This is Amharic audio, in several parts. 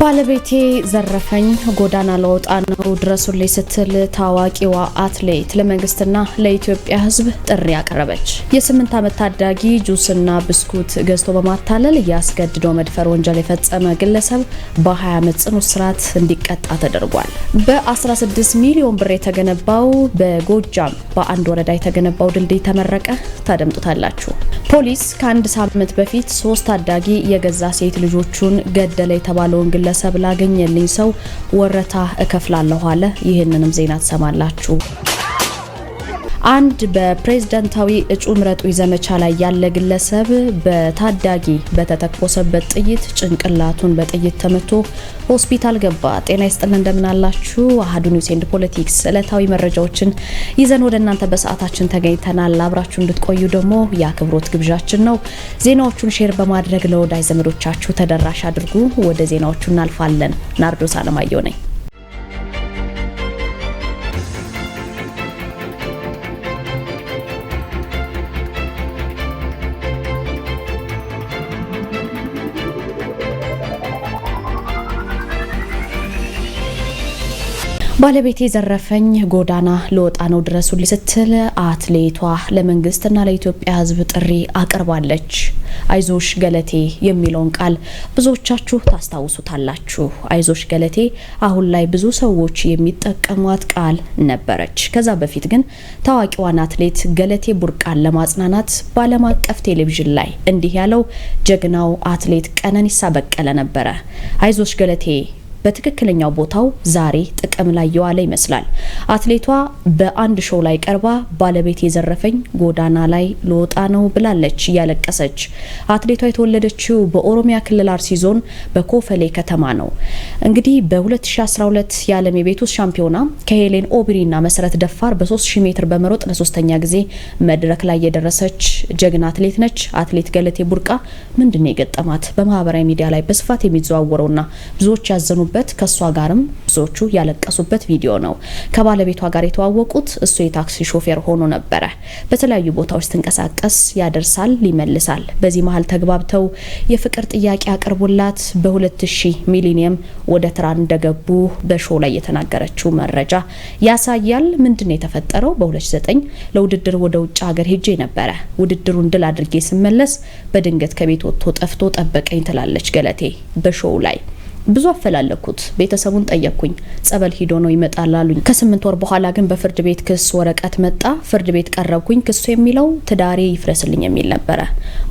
ባለቤቴ ዘረፈኝ፣ ጎዳና ለወጣ ነው ድረሱልኝ ስትል ታዋቂዋ አትሌት ለመንግስትና ለኢትዮጵያ ሕዝብ ጥሪ አቀረበች። የስምንት ዓመት ታዳጊ ጁስና ብስኩት ገዝቶ በማታለል የአስገድዶ መድፈር ወንጀል የፈጸመ ግለሰብ በ20 ዓመት ጽኑ እስራት እንዲቀጣ ተደርጓል። በ16 ሚሊዮን ብር የተገነባው በጎጃም በአንድ ወረዳ የተገነባው ድልድይ ተመረቀ። ታደምጡታላችሁ። ፖሊስ ከአንድ ሳምንት በፊት ሶስት ታዳጊ የገዛ ሴት ልጆቹን ገደለ የተባለውን ግለሰብ ላገኘልኝ ሰው ወረታ እከፍላለሁ አለ። ይህንንም ዜና ትሰማላችሁ። አንድ በፕሬዝዳንታዊ እጩ ምረጡኝ ዘመቻ ላይ ያለ ግለሰብ በታዳጊ በተተኮሰበት ጥይት ጭንቅላቱን በጥይት ተመቶ ሆስፒታል ገባ። ጤና ይስጥልን፣ እንደምናላችሁ አህዱ ኒውስ ኤንድ ፖለቲክስ ዕለታዊ መረጃዎችን ይዘን ወደ እናንተ በሰዓታችን ተገኝተናል። አብራችሁ እንድትቆዩ ደግሞ የአክብሮት ግብዣችን ነው። ዜናዎቹን ሼር በማድረግ ለወዳጅ ዘመዶቻችሁ ተደራሽ አድርጉ። ወደ ዜናዎቹ እናልፋለን። ናርዶስ አለማየሁ ነኝ። ባለቤቴ የዘረፈኝ ጎዳና ለወጣ ነው ድረሱልኝ ስትል አትሌቷ ለመንግስትና ለኢትዮጵያ ሕዝብ ጥሪ አቅርባለች። አይዞሽ ገለቴ የሚለውን ቃል ብዙዎቻችሁ ታስታውሱታላችሁ። አይዞሽ ገለቴ አሁን ላይ ብዙ ሰዎች የሚጠቀሟት ቃል ነበረች። ከዛ በፊት ግን ታዋቂዋን አትሌት ገለቴ ቡርቃን ለማጽናናት በዓለም አቀፍ ቴሌቪዥን ላይ እንዲህ ያለው ጀግናው አትሌት ቀነኒሳ በቀለ ነበረ። አይዞሽ ገለቴ በትክክለኛው ቦታው ዛሬ ጥቅም ላይ የዋለ ይመስላል። አትሌቷ በአንድ ሾው ላይ ቀርባ ባለቤት የዘረፈኝ ጎዳና ላይ ልወጣ ነው ብላለች እያለቀሰች። አትሌቷ የተወለደችው በኦሮሚያ ክልል አርሲ ዞን በኮፈሌ ከተማ ነው። እንግዲህ በ2012 የዓለም የቤት ውስጥ ሻምፒዮና ከሄሌን ኦብሪና መሰረት ደፋር በ3000 ሜትር በመሮጥ ለሶስተኛ ጊዜ መድረክ ላይ የደረሰች ጀግና አትሌት ነች። አትሌት ገለቴ ቡርቃ ምንድነው የገጠማት? በማህበራዊ ሚዲያ ላይ በስፋት የሚዘዋወረውና ብዙዎች ያዘኑ ያዘኑበት ከእሷ ጋርም ብዙዎቹ ያለቀሱበት ቪዲዮ ነው። ከባለቤቷ ጋር የተዋወቁት እሱ የታክሲ ሾፌር ሆኖ ነበረ። በተለያዩ ቦታዎች ትንቀሳቀስ ያደርሳል፣ ይመልሳል። በዚህ መሀል ተግባብተው የፍቅር ጥያቄ አቅርቦላት በ2000 ሚሊኒየም ወደ ትራ እንደገቡ በሾው ላይ የተናገረችው መረጃ ያሳያል። ምንድን ነው የተፈጠረው? በ2009 ለውድድር ወደ ውጭ ሀገር ሄጄ ነበረ። ውድድሩን ድል አድርጌ ስመለስ በድንገት ከቤት ወጥቶ ጠፍቶ ጠበቀኝ ትላለች ገለቴ በሾው ላይ ብዙ አፈላለኩት። ቤተሰቡን ጠየቅኩኝ። ጸበል ሂዶ ነው ይመጣል አሉኝ። ከስምንት ወር በኋላ ግን በፍርድ ቤት ክስ ወረቀት መጣ። ፍርድ ቤት ቀረብኩኝ። ክሱ የሚለው ትዳሬ ይፍረስልኝ የሚል ነበረ።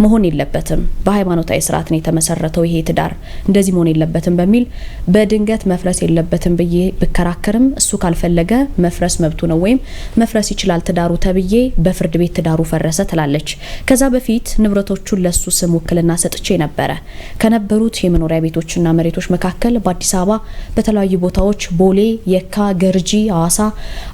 መሆን የለበትም በሃይማኖታዊ ስርዓት ነው የተመሰረተው ይሄ ትዳር፣ እንደዚህ መሆን የለበትም በሚል በድንገት መፍረስ የለበትም ብዬ ብከራከርም እሱ ካልፈለገ መፍረስ መብቱ ነው ወይም መፍረስ ይችላል ትዳሩ ተብዬ በፍርድ ቤት ትዳሩ ፈረሰ ትላለች። ከዛ በፊት ንብረቶቹን ለሱ ስም ውክልና ሰጥቼ ነበረ ከነበሩት የመኖሪያ ቤቶችና መሬቶች መካከል መካከል በአዲስ አበባ በተለያዩ ቦታዎች ቦሌ፣ የካ፣ ገርጂ፣ አዋሳ፣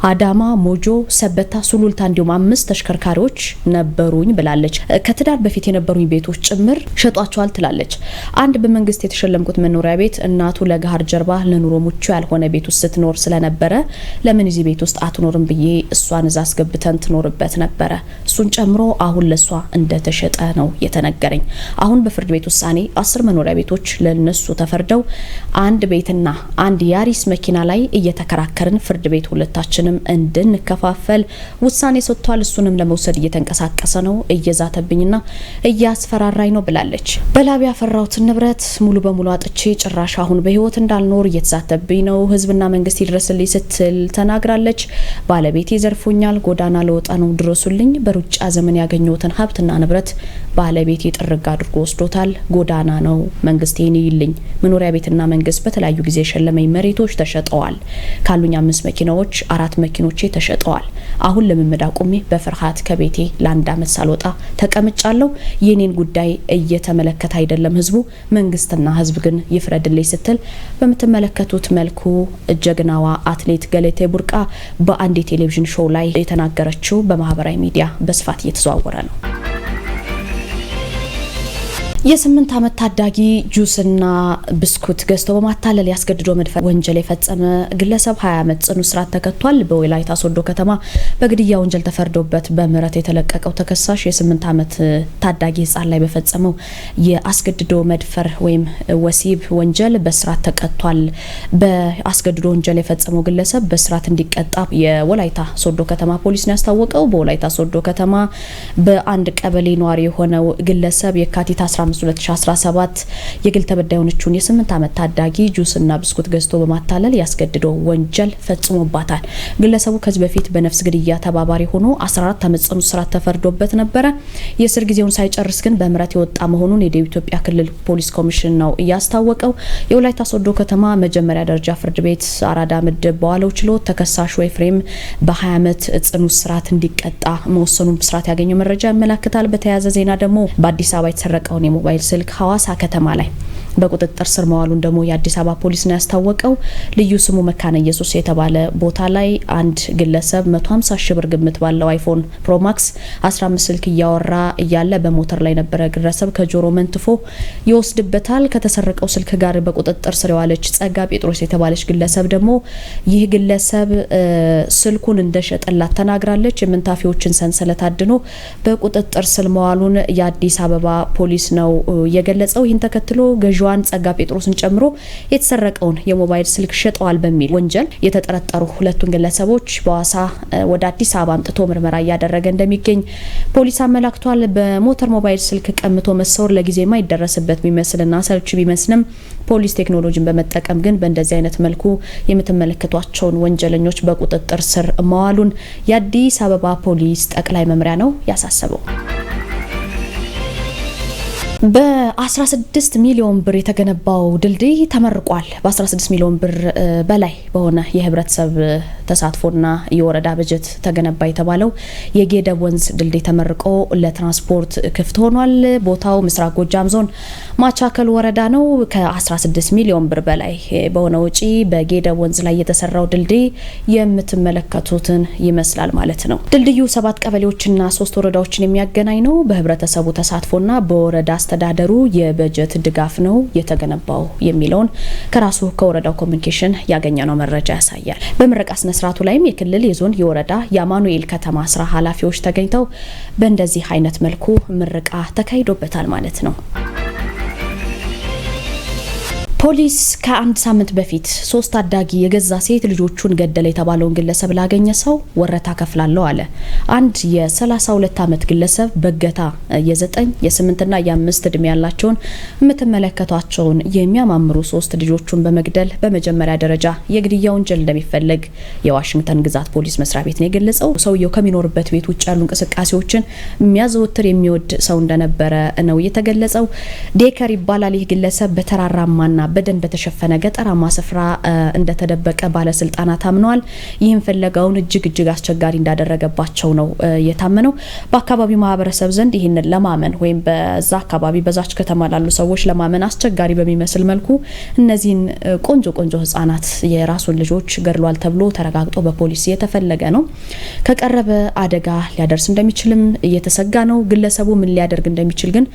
አዳማ፣ ሞጆ፣ ሰበታ፣ ሱሉልታ እንዲሁም አምስት ተሽከርካሪዎች ነበሩኝ ብላለች። ከትዳር በፊት የነበሩኝ ቤቶች ጭምር ሸጧቸዋል ትላለች። አንድ በመንግስት የተሸለምኩት መኖሪያ ቤት እናቱ ለገሀር ጀርባ ለኑሮ ምቹ ያልሆነ ቤት ውስጥ ስትኖር ስለነበረ ለምን እዚህ ቤት ውስጥ አትኖርም ብዬ እሷን እዛ አስገብተን ትኖርበት ነበረ። እሱን ጨምሮ አሁን ለእሷ እንደተሸጠ ነው የተነገረኝ። አሁን በፍርድ ቤት ውሳኔ አስር መኖሪያ ቤቶች ለነሱ ተፈርደው አንድ ቤትና አንድ ያሪስ መኪና ላይ እየተከራከርን ፍርድ ቤት ሁለታችንም እንድንከፋፈል ውሳኔ ሰጥቷል። እሱንም ለመውሰድ እየተንቀሳቀሰ ነው፣ እየዛተብኝና እያስፈራራኝ ነው ብላለች። በላብ ያፈራሁትን ንብረት ሙሉ በሙሉ አጥቼ ጭራሽ አሁን በህይወት እንዳልኖር እየተዛተብኝ ነው፣ ህዝብና መንግስት ይድረስልኝ ስትል ተናግራለች። ባለቤቴ ይዘርፉኛል፣ ጎዳና ለወጣ ነው፣ ድረሱልኝ፣ በሩጫ ዘመን ያገኘሁትን ሀብትና ንብረት ባለቤት የጥርግ አድርጎ ወስዶታል። ጎዳና ነው። መንግስት ይህን ይልኝ። መኖሪያ ቤትና መንግስት በተለያዩ ጊዜ የሸለመኝ መሬቶች ተሸጠዋል። ካሉኝ አምስት መኪናዎች አራት መኪኖቼ ተሸጠዋል። አሁን ልምምድ አቁሜ በፍርሃት ከቤቴ ለአንድ አመት ሳልወጣ ተቀምጫለሁ። የኔን ጉዳይ እየተመለከተ አይደለም ህዝቡ፣ መንግስትና ህዝብ ግን ይፍረድልኝ ስትል በምትመለከቱት መልኩ ጀግናዋ አትሌት ገለቴ ቡርቃ በአንድ የቴሌቪዥን ሾው ላይ የተናገረችው በማህበራዊ ሚዲያ በስፋት እየተዘዋወረ ነው። የስምንት ዓመት ታዳጊ ጁስና ብስኩት ገዝቶ በማታለል ያስገድዶ መድፈር ወንጀል የፈጸመ ግለሰብ 20 ዓመት ጽኑ እስራት ተከቷል። በወላይታ ሶዶ ከተማ በግድያ ወንጀል ተፈርዶበት በምህረት የተለቀቀው ተከሳሽ የስምንት አመት ዓመት ታዳጊ ህጻን ላይ በፈጸመው የአስገድዶ መድፈር ወይም ወሲብ ወንጀል በእስራት ተቀጥቷል። በአስገድዶ ወንጀል የፈጸመው ግለሰብ በእስራት እንዲቀጣ የወላይታ ሶዶ ከተማ ፖሊስ ነው ያስታወቀው። በወላይታ ሶዶ ከተማ በአንድ ቀበሌ ነዋሪ የሆነው ግለሰብ የካቲት 15 2017 የግል ተበዳይ የሆነችውን የስምንት ዓመት ታዳጊ ጁስና ብስኩት ገዝቶ በማታለል ያስገድዶ ወንጀል ፈጽሞባታል። ግለሰቡ ከዚህ በፊት በነፍስ ግድያ ተባባሪ ሆኖ 14 ዓመት ጽኑ እስራት ተፈርዶበት ነበረ። የእስር ጊዜውን ሳይጨርስ ግን በምህረት የወጣ መሆኑን የደቡብ ኢትዮጵያ ክልል ፖሊስ ኮሚሽን ነው እያስታወቀው። የወላይታ ሶዶ ከተማ መጀመሪያ ደረጃ ፍርድ ቤት አራዳ ምድብ በዋለው ችሎት ተከሳሽ ኤፍሬም በ20 ዓመት ጽኑ እስራት እንዲቀጣ መወሰኑን ብስራት ያገኘው መረጃ ያመለክታል። በተያያዘ ዜና ደግሞ በአዲስ አበባ የተሰረቀውን ሞባይል ስልክ ሐዋሳ ከተማ ላይ በቁጥጥር ስር መዋሉን ደግሞ የአዲስ አበባ ፖሊስ ነው ያስታወቀው። ልዩ ስሙ መካነ ኢየሱስ የተባለ ቦታ ላይ አንድ ግለሰብ 150 ሺ ብር ግምት ባለው አይፎን ፕሮማክስ 15 ስልክ እያወራ እያለ በሞተር ላይ ነበረ ግለሰብ ከጆሮ መንትፎ ይወስድበታል። ከተሰረቀው ስልክ ጋር በቁጥጥር ስር የዋለች ጸጋ ጴጥሮስ የተባለች ግለሰብ ደግሞ ይህ ግለሰብ ስልኩን እንደሸጠላት ተናግራለች። የምንታፊዎችን ሰንሰለት አድኖ በቁጥጥር ስር መዋሉን የአዲስ አበባ ፖሊስ ነው የገለጸው። ይህን ተከትሎ ገዢ ልጇን ጸጋ ጴጥሮስን ጨምሮ የተሰረቀውን የሞባይል ስልክ ሸጠዋል በሚል ወንጀል የተጠረጠሩ ሁለቱን ግለሰቦች በዋሳ ወደ አዲስ አበባ አምጥቶ ምርመራ እያደረገ እንደሚገኝ ፖሊስ አመላክቷል። በሞተር ሞባይል ስልክ ቀምቶ መሰወር ለጊዜ ማይደረስበት ቢመስልና ሰልች ቢመስልም ፖሊስ ቴክኖሎጂን በመጠቀም ግን በእንደዚህ አይነት መልኩ የምትመለከቷቸውን ወንጀለኞች በቁጥጥር ስር መዋሉን የአዲስ አበባ ፖሊስ ጠቅላይ መምሪያ ነው ያሳሰበው። በ16 ሚሊዮን ብር የተገነባው ድልድይ ተመርቋል። በ16 ሚሊዮን ብር በላይ በሆነ የህብረተሰብ ተሳትፎና የወረዳ በጀት ተገነባ የተባለው የጌደብ ወንዝ ድልድይ ተመርቆ ለትራንስፖርት ክፍት ሆኗል። ቦታው ምስራቅ ጎጃም ዞን ማቻከል ወረዳ ነው። ከ16 ሚሊዮን ብር በላይ በሆነ ውጪ በጌደብ ወንዝ ላይ የተሰራው ድልድይ የምትመለከቱትን ይመስላል ማለት ነው። ድልድዩ ሰባት ቀበሌዎችና ሶስት ወረዳዎችን የሚያገናኝ ነው። በህብረተሰቡ ተሳትፎና በወረዳ አስተዳደሩ የበጀት ድጋፍ ነው የተገነባው የሚለውን ከራሱ ከወረዳው ኮሚኒኬሽን ያገኘነው መረጃ ያሳያል። በምረቃ ስነ ስነስርዓቱ ላይም የክልል የዞን የወረዳ የአማኑኤል ከተማ ስራ ኃላፊዎች ተገኝተው በእንደዚህ አይነት መልኩ ምርቃ ተካሂዶበታል ማለት ነው። ፖሊስ ከአንድ ሳምንት በፊት ሶስት ታዳጊ የገዛ ሴት ልጆቹን ገደለ የተባለውን ግለሰብ ላገኘ ሰው ወረታ ከፍላለሁ አለ። አንድ የ32 ዓመት ግለሰብ በገታ የ9 8 የ5 እድሜ ያላቸውን የምትመለከቷቸውን የሚያማምሩ ሶስት ልጆቹን በመግደል በመጀመሪያ ደረጃ የግድያ ወንጀል እንደሚፈለግ የዋሽንግተን ግዛት ፖሊስ መስሪያ ቤት ነው የገለጸው። ሰውየው ከሚኖርበት ቤት ውጭ ያሉ እንቅስቃሴዎችን የሚያዘወትር የሚወድ ሰው እንደነበረ ነው የተገለጸው። ዴከር ይባላል። ይህ ግለሰብ በተራራማና በደን በተሸፈነ ገጠራማ ስፍራ እንደተደበቀ ባለስልጣናት አምነዋል። ይህም ፍለጋውን እጅግ እጅግ አስቸጋሪ እንዳደረገባቸው ነው የታመነው። በአካባቢው ማህበረሰብ ዘንድ ይህንን ለማመን ወይም በዛ አካባቢ በዛች ከተማ ላሉ ሰዎች ለማመን አስቸጋሪ በሚመስል መልኩ እነዚህን ቆንጆ ቆንጆ ህጻናት የራሱን ልጆች ገድሏል ተብሎ ተረጋግጦ በፖሊስ የተፈለገ ነው። ከቀረበ አደጋ ሊያደርስ እንደሚችልም እየተሰጋ ነው። ግለሰቡ ምን ሊያደርግ እንደሚችል ግን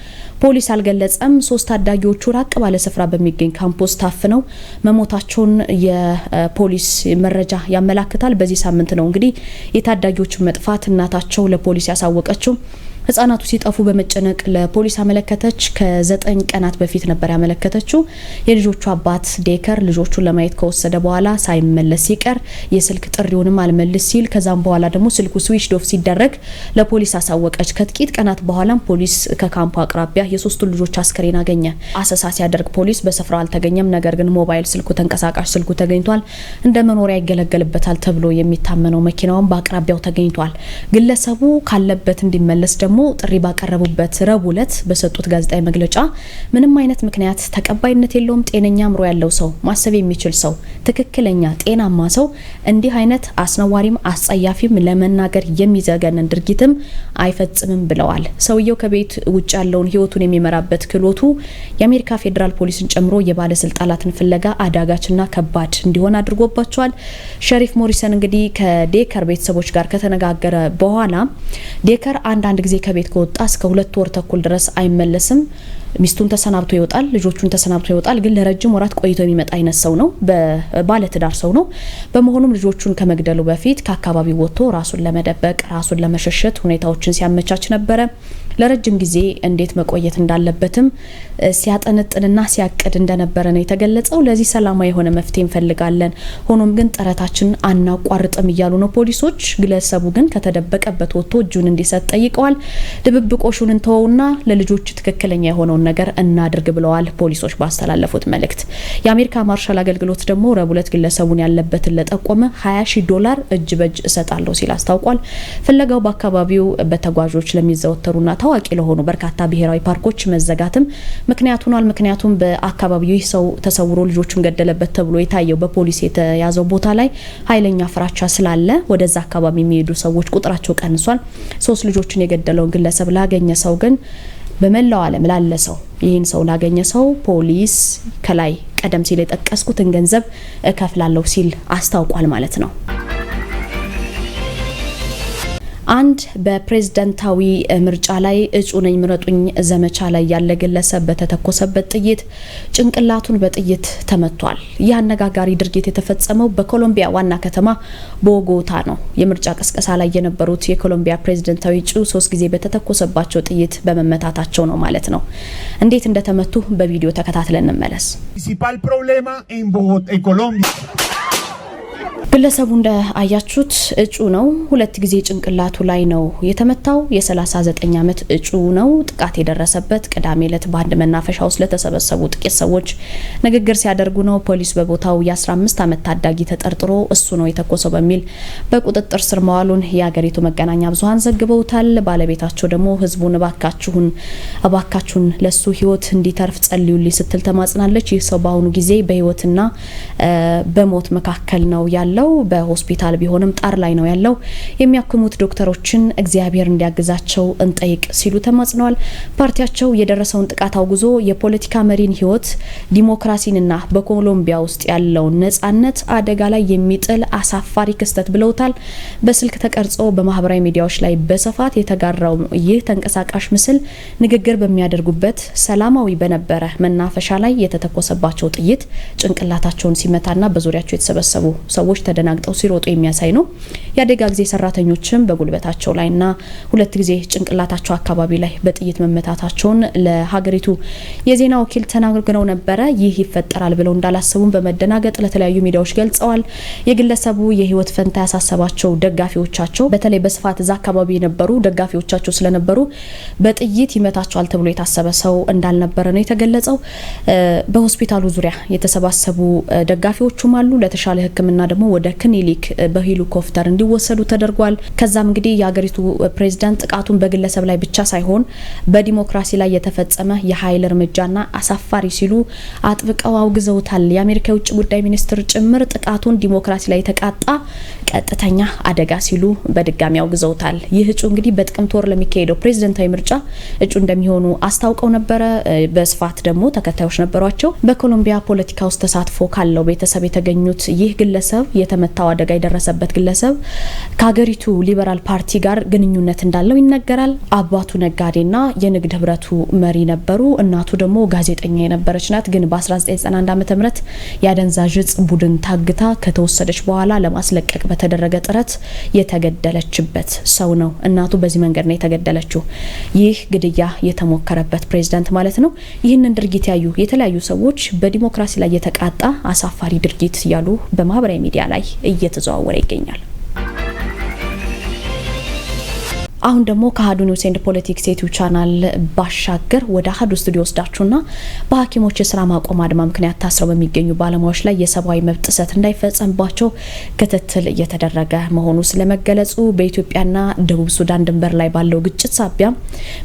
ፖሊስ አልገለጸም። ሶስት ታዳጊዎቹ ራቅ ባለ ስፍራ በሚገኝ ካምፖስ ታፍነው መሞታቸውን የፖሊስ መረጃ ያመላክታል። በዚህ ሳምንት ነው እንግዲህ የታዳጊዎቹን መጥፋት እናታቸው ለፖሊስ ያሳወቀችው። ህጻናቱ ሲጠፉ በመጨነቅ ለፖሊስ አመለከተች። ከዘጠኝ ቀናት በፊት ነበር ያመለከተችው። የልጆቹ አባት ዴከር ልጆቹን ለማየት ከወሰደ በኋላ ሳይመለስ ሲቀር የስልክ ጥሪውንም አልመልስ ሲል ከዛም በኋላ ደግሞ ስልኩ ስዊች ዶፍ ሲደረግ ለፖሊስ አሳወቀች። ከጥቂት ቀናት በኋላም ፖሊስ ከካምፖ አቅራቢያ የሶስቱን ልጆች አስከሬን አገኘ። አሰሳ ሲያደርግ ፖሊስ በስፍራው አልተገኘም። ነገር ግን ሞባይል ስልኩ፣ ተንቀሳቃሽ ስልኩ ተገኝቷል። እንደ መኖሪያ ይገለገልበታል ተብሎ የሚታመነው መኪናውም በአቅራቢያው ተገኝቷል። ግለሰቡ ካለበት እንዲመለስ ደግሞ ደግሞ ጥሪ ባቀረቡበት ረቡዕ ዕለት በሰጡት ጋዜጣዊ መግለጫ ምንም አይነት ምክንያት ተቀባይነት የለውም፣ ጤነኛ አእምሮ ያለው ሰው፣ ማሰብ የሚችል ሰው፣ ትክክለኛ ጤናማ ሰው እንዲህ አይነት አስነዋሪም አስጸያፊም ለመናገር የሚዘገንን ድርጊትም አይፈጽምም ብለዋል። ሰውየው ከቤት ውጭ ያለውን ህይወቱን የሚመራበት ክህሎቱ የአሜሪካ ፌዴራል ፖሊስን ጨምሮ የባለስልጣናትን ፍለጋ አዳጋችና ከባድ እንዲሆን አድርጎባቸዋል። ሸሪፍ ሞሪሰን እንግዲህ ከዴከር ቤተሰቦች ጋር ከተነጋገረ በኋላ ዴከር አንዳንድ ጊዜ ከቤት ከወጣ እስከ ሁለት ወር ተኩል ድረስ አይመለስም። ሚስቱን ተሰናብቶ ይወጣል፣ ልጆቹን ተሰናብቶ ይወጣል። ግን ለረጅም ወራት ቆይቶ የሚመጣ አይነት ሰው ነው፣ ባለትዳር ሰው ነው። በመሆኑም ልጆቹን ከመግደሉ በፊት ከአካባቢው ወጥቶ ራሱን ለመደበቅ ራሱን ለመሸሸት ሁኔታዎችን ሲያመቻች ነበረ። ለረጅም ጊዜ እንዴት መቆየት እንዳለበትም ሲያጠነጥንና ሲያቅድ እንደነበረ ነው የተገለጸው። ለዚህ ሰላማዊ የሆነ መፍትሄ እንፈልጋለን፣ ሆኖም ግን ጥረታችን አናቋርጥም እያሉ ነው ፖሊሶች። ግለሰቡ ግን ከተደበቀበት ወጥቶ እጁን እንዲሰጥ ጠይቀዋል። ድብብቆሹን እንተወውና ለልጆች ትክክለኛ የሆነውን ነገር እናድርግ ብለዋል ፖሊሶች ባስተላለፉት መልእክት። የአሜሪካ ማርሻል አገልግሎት ደግሞ ረቡዕ ዕለት ግለሰቡን ያለበትን ለጠቆመ 20 ሺ ዶላር እጅ በእጅ እሰጣለሁ ሲል አስታውቋል። ፍለጋው በአካባቢው በተጓዦች ለሚዘወተሩና ታዋቂ ለሆኑ በርካታ ብሔራዊ ፓርኮች መዘጋትም ምክንያት ሆኗል። ምክንያቱም በአካባቢው ይህ ሰው ተሰውሮ ልጆቹን ገደለበት ተብሎ የታየው በፖሊስ የተያዘው ቦታ ላይ ኃይለኛ ፍራቻ ስላለ ወደዛ አካባቢ የሚሄዱ ሰዎች ቁጥራቸው ቀንሷል። ሶስት ልጆችን የገደለውን ግለሰብ ላገኘ ሰው ግን በመላው ዓለም ላለ ሰው ይህን ሰው ላገኘ ሰው ፖሊስ ከላይ ቀደም ሲል የጠቀስኩትን ገንዘብ እከፍላለሁ ሲል አስታውቋል ማለት ነው። አንድ በፕሬዝደንታዊ ምርጫ ላይ እጩ ነኝ ምረጡኝ ዘመቻ ላይ ያለ ግለሰብ በተተኮሰበት ጥይት ጭንቅላቱን በጥይት ተመቷል። ይህ አነጋጋሪ ድርጊት የተፈጸመው በኮሎምቢያ ዋና ከተማ ቦጎታ ነው። የምርጫ ቅስቀሳ ላይ የነበሩት የኮሎምቢያ ፕሬዝደንታዊ እጩ ሶስት ጊዜ በተተኮሰባቸው ጥይት በመመታታቸው ነው ማለት ነው። እንዴት እንደተመቱ በቪዲዮ ተከታትለን እንመለስ። ግለሰቡ እንደ አያችሁት እጩ ነው። ሁለት ጊዜ ጭንቅላቱ ላይ ነው የተመታው። የ39 ዓመት እጩ ነው። ጥቃት የደረሰበት ቅዳሜ ዕለት በአንድ መናፈሻ ውስጥ ለተሰበሰቡ ጥቂት ሰዎች ንግግር ሲያደርጉ ነው። ፖሊስ በቦታው የ15 ዓመት ታዳጊ ተጠርጥሮ እሱ ነው የተኮሰው በሚል በቁጥጥር ስር መዋሉን የሀገሪቱ መገናኛ ብዙኃን ዘግበውታል። ባለቤታቸው ደግሞ ህዝቡን እባካችሁን እባካችሁን ለሱ ህይወት እንዲተርፍ ጸልዩልኝ ስትል ተማጽናለች። ይህ ሰው በአሁኑ ጊዜ በህይወትና በሞት መካከል ነው ያለው። ያለው በሆስፒታል ቢሆንም ጣር ላይ ነው ያለው። የሚያክሙት ዶክተሮችን እግዚአብሔር እንዲያግዛቸው እንጠይቅ ሲሉ ተማጽነዋል። ፓርቲያቸው የደረሰውን ጥቃት አውግዞ የፖለቲካ መሪን ህይወት ዲሞክራሲንና በኮሎምቢያ ውስጥ ያለውን ነጻነት አደጋ ላይ የሚጥል አሳፋሪ ክስተት ብለውታል። በስልክ ተቀርጾ በማህበራዊ ሚዲያዎች ላይ በስፋት የተጋራው ይህ ተንቀሳቃሽ ምስል ንግግር በሚያደርጉበት ሰላማዊ በነበረ መናፈሻ ላይ የተተኮሰባቸው ጥይት ጭንቅላታቸውን ሲመታና በዙሪያቸው የተሰበሰቡ ሰዎች ተደናግጠው ሲሮጡ የሚያሳይ ነው። የአደጋ ጊዜ ሰራተኞችም በጉልበታቸው ላይና ሁለት ጊዜ ጭንቅላታቸው አካባቢ ላይ በጥይት መመታታቸውን ለሀገሪቱ የዜና ወኪል ተናግረው ነበረ። ይህ ይፈጠራል ብለው እንዳላሰቡም በመደናገጥ ለተለያዩ ሚዲያዎች ገልጸዋል። የግለሰቡ የህይወት ፈንታ ያሳሰባቸው ደጋፊዎቻቸው በተለይ በስፋት እዛ አካባቢ የነበሩ ደጋፊዎቻቸው ስለነበሩ በጥይት ይመታቸዋል ተብሎ የታሰበ ሰው እንዳልነበረ ነው የተገለጸው። በሆስፒታሉ ዙሪያ የተሰባሰቡ ደጋፊዎቹም አሉ። ለተሻለ ሕክምና ደግሞ ወደ ክኒሊክ በሄሊኮፕተር እንዲወሰዱ ተደርጓል። ከዛም እንግዲህ የሀገሪቱ ፕሬዚዳንት ጥቃቱን በግለሰብ ላይ ብቻ ሳይሆን በዲሞክራሲ ላይ የተፈጸመ የኃይል እርምጃና አሳፋሪ ሲሉ አጥብቀው አውግዘውታል። የአሜሪካ የውጭ ጉዳይ ሚኒስትር ጭምር ጥቃቱን ዲሞክራሲ ላይ የተቃጣ ቀጥተኛ አደጋ ሲሉ በድጋሚ አውግዘውታል። ይህ እጩ እንግዲህ በጥቅምት ወር ለሚካሄደው ፕሬዝደንታዊ ምርጫ እጩ እንደሚሆኑ አስታውቀው ነበረ። በስፋት ደግሞ ተከታዮች ነበሯቸው። በኮሎምቢያ ፖለቲካ ውስጥ ተሳትፎ ካለው ቤተሰብ የተገኙት ይህ ግለሰብ የተመታው አደጋ የደረሰበት ግለሰብ ከሀገሪቱ ሊበራል ፓርቲ ጋር ግንኙነት እንዳለው ይነገራል። አባቱ ነጋዴና የንግድ ህብረቱ መሪ ነበሩ። እናቱ ደግሞ ጋዜጠኛ የነበረች ናት። ግን በ1991 ዓ ም የአደንዛዥ እጽ ቡድን ታግታ ከተወሰደች በኋላ ለማስለቀቅ በተደረገ ጥረት የተገደለችበት ሰው ነው። እናቱ በዚህ መንገድ ነው የተገደለችው። ይህ ግድያ የተሞከረበት ፕሬዚዳንት ማለት ነው። ይህንን ድርጊት ያዩ የተለያዩ ሰዎች በዲሞክራሲ ላይ የተቃጣ አሳፋሪ ድርጊት እያሉ በማህበራዊ ሚዲያ ላይ ላይ እየተዘዋወረ ይገኛል። አሁን ደግሞ ከአሀዱ ኒውስ ኤንድ ፖለቲክስ ቻናል ባሻገር ወደ አሀዱ ስቱዲዮ ወስዳችሁና በሐኪሞች የስራ ማቆም አድማ ምክንያት ታስረው በሚገኙ ባለሙያዎች ላይ የሰብአዊ መብት ጥሰት እንዳይፈጸምባቸው ክትትል እየተደረገ መሆኑ ስለመገለጹ በኢትዮጵያና ደቡብ ሱዳን ድንበር ላይ ባለው ግጭት ሳቢያ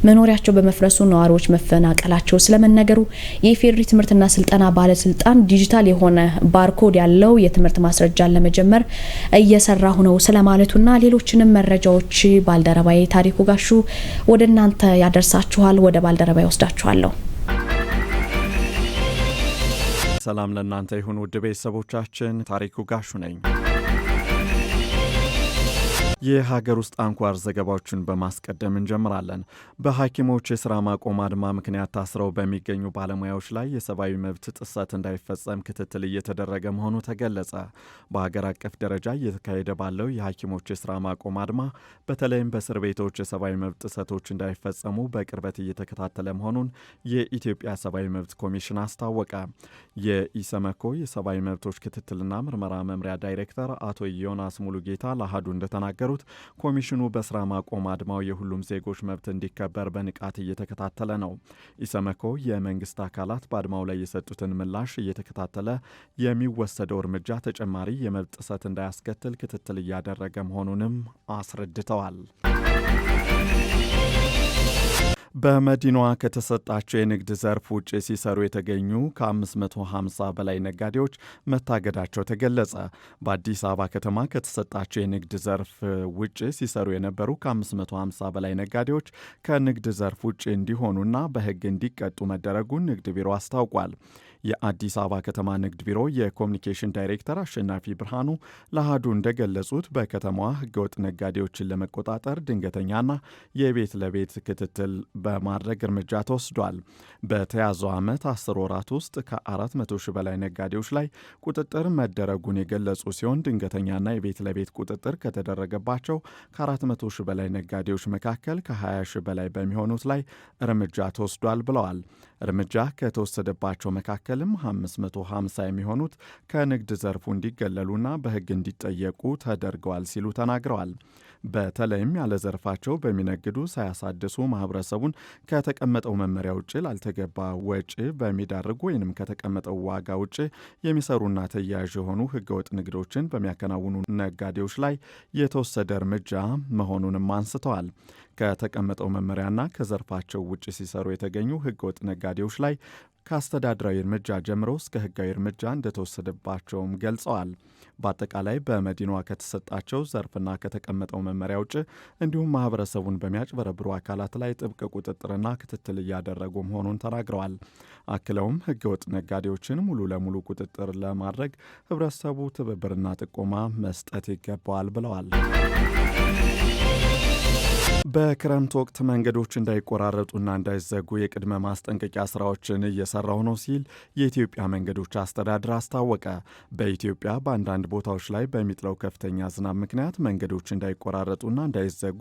መኖሪያቸው በመፍረሱ ነዋሪዎች መፈናቀላቸው ስለመነገሩ የኢፌዴሪ ትምህርትና ስልጠና ባለስልጣን ዲጂታል የሆነ ባርኮድ ያለው የትምህርት ማስረጃን ለመጀመር እየሰራሁ ነው ስለማለቱና ሌሎችንም መረጃዎች ባልደረባ ታሪኩ ጋሹ ወደ እናንተ ያደርሳችኋል። ወደ ባልደረባ ይወስዳችኋለሁ። ሰላም ለእናንተ ይሁን ውድ ቤተሰቦቻችን። ታሪኩ ጋሹ ነኝ። የሀገር ውስጥ አንኳር ዘገባዎችን በማስቀደም እንጀምራለን። በሐኪሞች የስራ ማቆም አድማ ምክንያት ታስረው በሚገኙ ባለሙያዎች ላይ የሰብአዊ መብት ጥሰት እንዳይፈጸም ክትትል እየተደረገ መሆኑ ተገለጸ። በሀገር አቀፍ ደረጃ እየተካሄደ ባለው የሐኪሞች የሥራ ማቆም አድማ በተለይም በእስር ቤቶች የሰብአዊ መብት ጥሰቶች እንዳይፈጸሙ በቅርበት እየተከታተለ መሆኑን የኢትዮጵያ ሰብአዊ መብት ኮሚሽን አስታወቀ። የኢሰመኮ የሰብአዊ መብቶች ክትትልና ምርመራ መምሪያ ዳይሬክተር አቶ ዮናስ ሙሉጌታ ለአሃዱ እንደተናገሩ የተናገሩት ኮሚሽኑ በስራ ማቆም አድማው የሁሉም ዜጎች መብት እንዲከበር በንቃት እየተከታተለ ነው። ኢሰመኮ የመንግስት አካላት በአድማው ላይ የሰጡትን ምላሽ እየተከታተለ የሚወሰደው እርምጃ ተጨማሪ የመብት ጥሰት እንዳያስከትል ክትትል እያደረገ መሆኑንም አስረድተዋል። በመዲናዋ ከተሰጣቸው የንግድ ዘርፍ ውጭ ሲሰሩ የተገኙ ከ550 በላይ ነጋዴዎች መታገዳቸው ተገለጸ። በአዲስ አበባ ከተማ ከተሰጣቸው የንግድ ዘርፍ ውጭ ሲሰሩ የነበሩ ከ550 በላይ ነጋዴዎች ከንግድ ዘርፍ ውጭ እንዲሆኑና በሕግ እንዲቀጡ መደረጉን ንግድ ቢሮ አስታውቋል። የአዲስ አበባ ከተማ ንግድ ቢሮ የኮሚኒኬሽን ዳይሬክተር አሸናፊ ብርሃኑ ለአህዱ እንደገለጹት በከተማዋ ህገወጥ ነጋዴዎችን ለመቆጣጠር ድንገተኛና የቤት ለቤት ክትትል በማድረግ እርምጃ ተወስዷል። በተያዘው ዓመት አስር ወራት ውስጥ ከ400 ሺህ በላይ ነጋዴዎች ላይ ቁጥጥር መደረጉን የገለጹ ሲሆን ድንገተኛና የቤት ለቤት ቁጥጥር ከተደረገባቸው ከ400 ሺህ በላይ ነጋዴዎች መካከል ከ20 ሺህ በላይ በሚሆኑት ላይ እርምጃ ተወስዷል ብለዋል። እርምጃ ከተወሰደባቸው መካከልም 550 የሚሆኑት ከንግድ ዘርፉ እንዲገለሉና በሕግ እንዲጠየቁ ተደርገዋል ሲሉ ተናግረዋል። በተለይም ያለ ዘርፋቸው በሚነግዱ ሳያሳድሱ ማህበረሰቡን ከተቀመጠው መመሪያ ውጭ ላልተገባ ወጪ በሚዳርጉ ወይንም ከተቀመጠው ዋጋ ውጭ የሚሰሩና ተያያዥ የሆኑ ህገወጥ ንግዶችን በሚያከናውኑ ነጋዴዎች ላይ የተወሰደ እርምጃ መሆኑንም አንስተዋል። ከተቀመጠው መመሪያና ከዘርፋቸው ውጭ ሲሰሩ የተገኙ ህገወጥ ነጋዴዎች ላይ ከአስተዳደራዊ እርምጃ ጀምሮ እስከ ህጋዊ እርምጃ እንደተወሰደባቸውም ገልጸዋል። በአጠቃላይ በመዲናዋ ከተሰጣቸው ዘርፍና ከተቀመጠው መመሪያ ውጭ እንዲሁም ማህበረሰቡን በሚያጭበረብሩ አካላት ላይ ጥብቅ ቁጥጥርና ክትትል እያደረጉ መሆኑን ተናግረዋል። አክለውም ህገወጥ ነጋዴዎችን ሙሉ ለሙሉ ቁጥጥር ለማድረግ ህብረተሰቡ ትብብርና ጥቆማ መስጠት ይገባዋል ብለዋል። በክረምት ወቅት መንገዶች እንዳይቆራረጡና እንዳይዘጉ የቅድመ ማስጠንቀቂያ ስራዎችን እየሰራሁ ነው ሲል የኢትዮጵያ መንገዶች አስተዳደር አስታወቀ። በኢትዮጵያ በአንዳንድ ቦታዎች ላይ በሚጥለው ከፍተኛ ዝናብ ምክንያት መንገዶች እንዳይቆራረጡና እንዳይዘጉ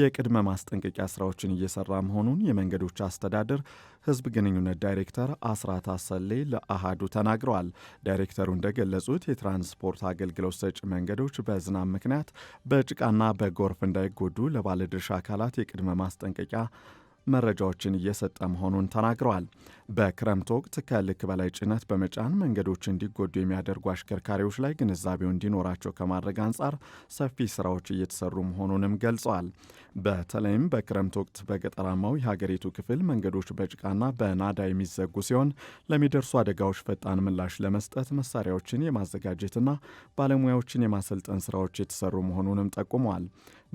የቅድመ ማስጠንቀቂያ ስራዎችን እየሰራ መሆኑን የመንገዶች አስተዳደር ህዝብ ግንኙነት ዳይሬክተር አስራት አሰሌ ለአሃዱ ተናግረዋል። ዳይሬክተሩ እንደገለጹት የትራንስፖርት አገልግሎት ሰጪ መንገዶች በዝናብ ምክንያት በጭቃና በጎርፍ እንዳይጎዱ ለባለድርሻ አካላት የቅድመ ማስጠንቀቂያ መረጃዎችን እየሰጠ መሆኑን ተናግረዋል። በክረምት ወቅት ከልክ በላይ ጭነት በመጫን መንገዶች እንዲጎዱ የሚያደርጉ አሽከርካሪዎች ላይ ግንዛቤው እንዲኖራቸው ከማድረግ አንጻር ሰፊ ስራዎች እየተሰሩ መሆኑንም ገልጸዋል። በተለይም በክረምት ወቅት በገጠራማው የሀገሪቱ ክፍል መንገዶች በጭቃና በናዳ የሚዘጉ ሲሆን ለሚደርሱ አደጋዎች ፈጣን ምላሽ ለመስጠት መሳሪያዎችን የማዘጋጀትና ባለሙያዎችን የማሰልጠን ስራዎች የተሰሩ መሆኑንም ጠቁመዋል።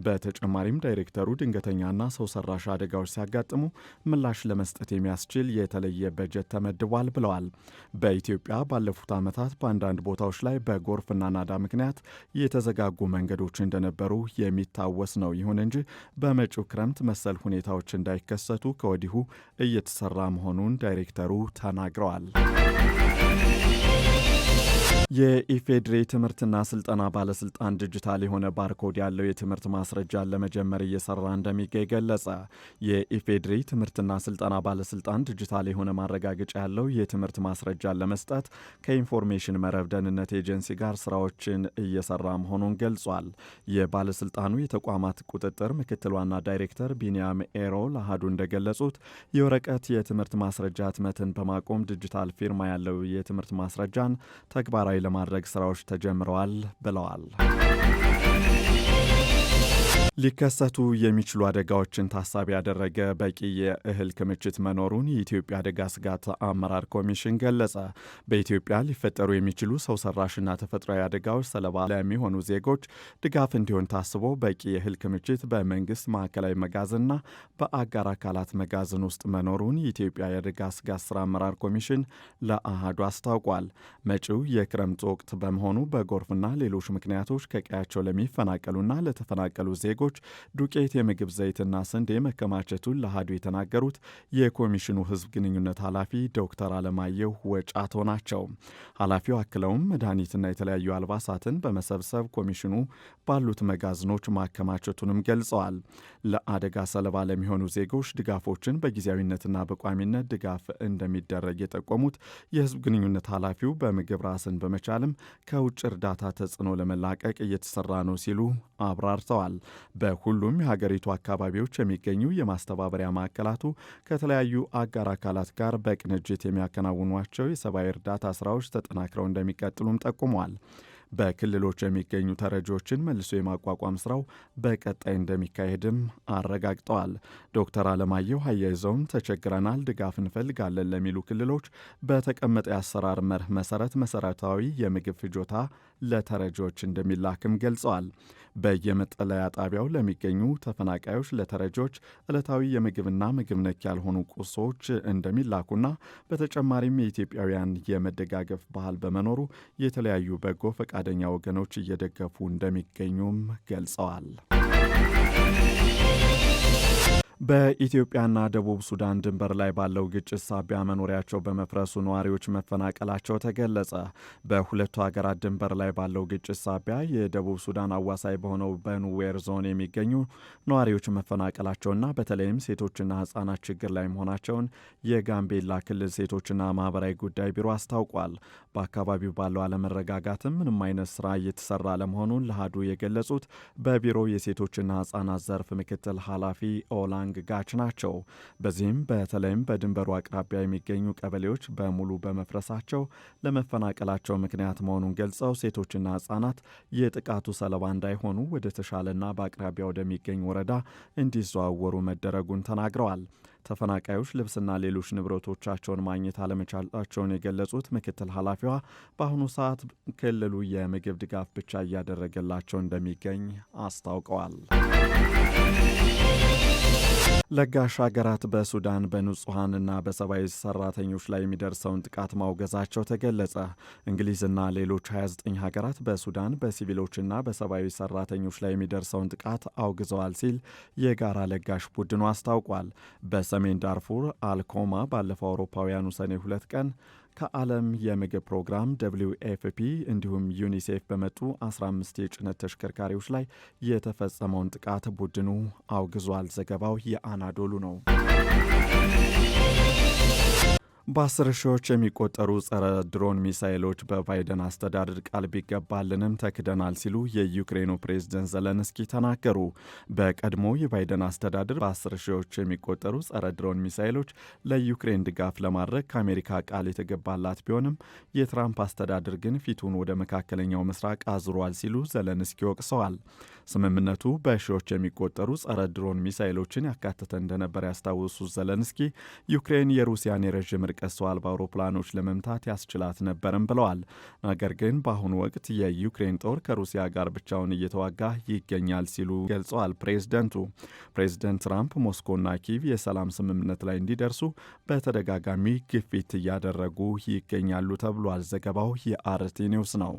በተጨማሪም ዳይሬክተሩ ድንገተኛና ሰው ሰራሽ አደጋዎች ሲያጋጥሙ ምላሽ ለመስጠት የሚያስችል የተለየ የተለየ በጀት ተመድቧል ብለዋል። በኢትዮጵያ ባለፉት ዓመታት በአንዳንድ ቦታዎች ላይ በጎርፍና ናዳ ምክንያት የተዘጋጉ መንገዶች እንደነበሩ የሚታወስ ነው። ይሁን እንጂ በመጪው ክረምት መሰል ሁኔታዎች እንዳይከሰቱ ከወዲሁ እየተሰራ መሆኑን ዳይሬክተሩ ተናግረዋል። የኢፌድሪ ትምህርትና ስልጠና ባለስልጣን ዲጂታል የሆነ ባርኮድ ያለው የትምህርት ማስረጃን ለመጀመር እየሰራ እንደሚገኝ ገለጸ። የኢፌድሪ ትምህርትና ስልጠና ባለስልጣን ዲጂታል የሆነ ማረጋገጫ ያለው የትምህርት ማስረጃን ለመስጠት ከኢንፎርሜሽን መረብ ደህንነት ኤጀንሲ ጋር ስራዎችን እየሰራ መሆኑን ገልጿል። የባለስልጣኑ የተቋማት ቁጥጥር ምክትል ዋና ዳይሬክተር ቢንያም ኤሮ ለአሃዱ እንደገለጹት የወረቀት የትምህርት ማስረጃ ህትመትን በማቆም ዲጂታል ፊርማ ያለው የትምህርት ማስረጃን ተግባራዊ ለማድረግ ስራዎች ተጀምረዋል ብለዋል። ሊከሰቱ የሚችሉ አደጋዎችን ታሳቢ ያደረገ በቂ የእህል ክምችት መኖሩን የኢትዮጵያ አደጋ ስጋት አመራር ኮሚሽን ገለጸ። በኢትዮጵያ ሊፈጠሩ የሚችሉ ሰው ሰራሽና ተፈጥሯዊ አደጋዎች ሰለባ ለሚሆኑ ዜጎች ድጋፍ እንዲሆን ታስቦ በቂ የእህል ክምችት በመንግስት ማዕከላዊ መጋዘንና በአጋር አካላት መጋዘን ውስጥ መኖሩን የኢትዮጵያ የአደጋ ስጋት ስራ አመራር ኮሚሽን ለአሃዱ አስታውቋል። መጪው የክረምት ወቅት በመሆኑ በጎርፍና ሌሎች ምክንያቶች ከቀያቸው ለሚፈናቀሉና ለተፈናቀሉ ዜጎች ምርቶች ዱቄት፣ የምግብ ዘይትና ስንዴ መከማቸቱን ለአሃዱ የተናገሩት የኮሚሽኑ ህዝብ ግንኙነት ኃላፊ ዶክተር አለማየሁ ወጫቶ ናቸው። ኃላፊው አክለውም መድኃኒትና የተለያዩ አልባሳትን በመሰብሰብ ኮሚሽኑ ባሉት መጋዘኖች ማከማቸቱንም ገልጸዋል። ለአደጋ ሰለባ ለሚሆኑ ዜጎች ድጋፎችን በጊዜያዊነትና በቋሚነት ድጋፍ እንደሚደረግ የጠቆሙት የህዝብ ግንኙነት ኃላፊው በምግብ ራስን በመቻልም ከውጭ እርዳታ ተጽዕኖ ለመላቀቅ እየተሰራ ነው ሲሉ አብራርተዋል። በሁሉም የሀገሪቱ አካባቢዎች የሚገኙ የማስተባበሪያ ማዕከላቱ ከተለያዩ አጋር አካላት ጋር በቅንጅት የሚያከናውኗቸው የሰብአዊ እርዳታ ስራዎች ተጠናክረው እንደሚቀጥሉም ጠቁመዋል። በክልሎች የሚገኙ ተረጂዎችን መልሶ የማቋቋም ስራው በቀጣይ እንደሚካሄድም አረጋግጠዋል። ዶክተር አለማየሁ አያይዘውም ተቸግረናል፣ ድጋፍ እንፈልጋለን ለሚሉ ክልሎች በተቀመጠ የአሰራር መርህ መሰረት መሰረታዊ የምግብ ፍጆታ ለተረጂዎች እንደሚላክም ገልጸዋል። በየመጠለያ ጣቢያው ለሚገኙ ተፈናቃዮች ለተረጂዎች ዕለታዊ የምግብና ምግብ ነክ ያልሆኑ ቁሶች እንደሚላኩና በተጨማሪም የኢትዮጵያውያን የመደጋገፍ ባህል በመኖሩ የተለያዩ በጎ ፈቃደኛ ወገኖች እየደገፉ እንደሚገኙም ገልጸዋል። በኢትዮጵያና ደቡብ ሱዳን ድንበር ላይ ባለው ግጭት ሳቢያ መኖሪያቸው በመፍረሱ ነዋሪዎች መፈናቀላቸው ተገለጸ። በሁለቱ ሀገራት ድንበር ላይ ባለው ግጭት ሳቢያ የደቡብ ሱዳን አዋሳኝ በሆነው በኑዌር ዞን የሚገኙ ነዋሪዎች መፈናቀላቸውና በተለይም ሴቶችና ህጻናት ችግር ላይ መሆናቸውን የጋምቤላ ክልል ሴቶችና ማህበራዊ ጉዳይ ቢሮ አስታውቋል። በአካባቢው ባለው አለመረጋጋትም ምንም አይነት ስራ እየተሰራ አለመሆኑን ለአሀዱ የገለጹት በቢሮው የሴቶችና ህጻናት ዘርፍ ምክትል ኃላፊ ኦላንግ አንግጋች ናቸው። በዚህም በተለይም በድንበሩ አቅራቢያ የሚገኙ ቀበሌዎች በሙሉ በመፍረሳቸው ለመፈናቀላቸው ምክንያት መሆኑን ገልጸው ሴቶችና ህጻናት የጥቃቱ ሰለባ እንዳይሆኑ ወደ ተሻለና በአቅራቢያ ወደሚገኝ ወረዳ እንዲዘዋወሩ መደረጉን ተናግረዋል። ተፈናቃዮች ልብስና ሌሎች ንብረቶቻቸውን ማግኘት አለመቻላቸውን የገለጹት ምክትል ኃላፊዋ በአሁኑ ሰዓት ክልሉ የምግብ ድጋፍ ብቻ እያደረገላቸው እንደሚገኝ አስታውቀዋል። ለጋሽ ሀገራት በሱዳን በንጹሐንና በሰብአዊ ሰራተኞች ላይ የሚደርሰውን ጥቃት ማውገዛቸው ተገለጸ። እንግሊዝና ሌሎች 29 ሀገራት በሱዳን በሲቪሎችና በሰብአዊ ሰራተኞች ላይ የሚደርሰውን ጥቃት አውግዘዋል ሲል የጋራ ለጋሽ ቡድኑ አስታውቋል። በሰሜን ዳርፉር አልኮማ ባለፈው አውሮፓውያኑ ሰኔ ሁለት ቀን ከዓለም የምግብ ፕሮግራም ደብሊው ኤፍፒ እንዲሁም ዩኒሴፍ በመጡ 15 የጭነት ተሽከርካሪዎች ላይ የተፈጸመውን ጥቃት ቡድኑ አውግዟል። ዘገባው የአናዶሉ ነው። በአስር ሺዎች የሚቆጠሩ ጸረ ድሮን ሚሳይሎች በባይደን አስተዳደር ቃል ቢገባልንም ተክደናል ሲሉ የዩክሬኑ ፕሬዝደንት ዘለንስኪ ተናገሩ። በቀድሞ የባይደን አስተዳደር በአስር ሺዎች የሚቆጠሩ ጸረ ድሮን ሚሳይሎች ለዩክሬን ድጋፍ ለማድረግ ከአሜሪካ ቃል የተገባላት ቢሆንም የትራምፕ አስተዳደር ግን ፊቱን ወደ መካከለኛው ምስራቅ አዙሯል ሲሉ ዘለንስኪ ወቅሰዋል። ስምምነቱ በሺዎች የሚቆጠሩ ጸረ ድሮን ሚሳይሎችን ያካተተ እንደነበር ያስታወሱት ዘለንስኪ ዩክሬን የሩሲያን የረዥም ርቀት ሰው አልባ አውሮፕላኖች ለመምታት ያስችላት ነበርም ብለዋል። ነገር ግን በአሁኑ ወቅት የዩክሬን ጦር ከሩሲያ ጋር ብቻውን እየተዋጋ ይገኛል ሲሉ ገልጸዋል። ፕሬዝደንቱ ፕሬዝደንት ትራምፕ ሞስኮና ኪቭ የሰላም ስምምነት ላይ እንዲደርሱ በተደጋጋሚ ግፊት እያደረጉ ይገኛሉ ተብሏል። ዘገባው የአርቲ ኒውስ ነው።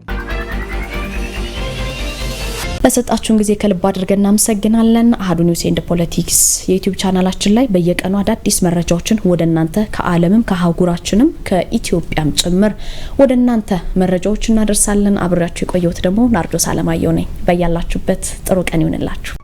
ለሰጣችሁን ጊዜ ከልብ አድርገን እናመሰግናለን። አሀዱ ኒውስ ኤንድ ፖለቲክስ የዩቲዩብ ቻናላችን ላይ በየቀኑ አዳዲስ መረጃዎችን ወደ እናንተ ከዓለምም ከአህጉራችንም ከኢትዮጵያም ጭምር ወደ እናንተ መረጃዎች እናደርሳለን። አብሬያችሁ የቆየሁት ደግሞ ናርዶስ አለማየሁ ነኝ። በያላችሁበት ጥሩ ቀን ይሆንላችሁ።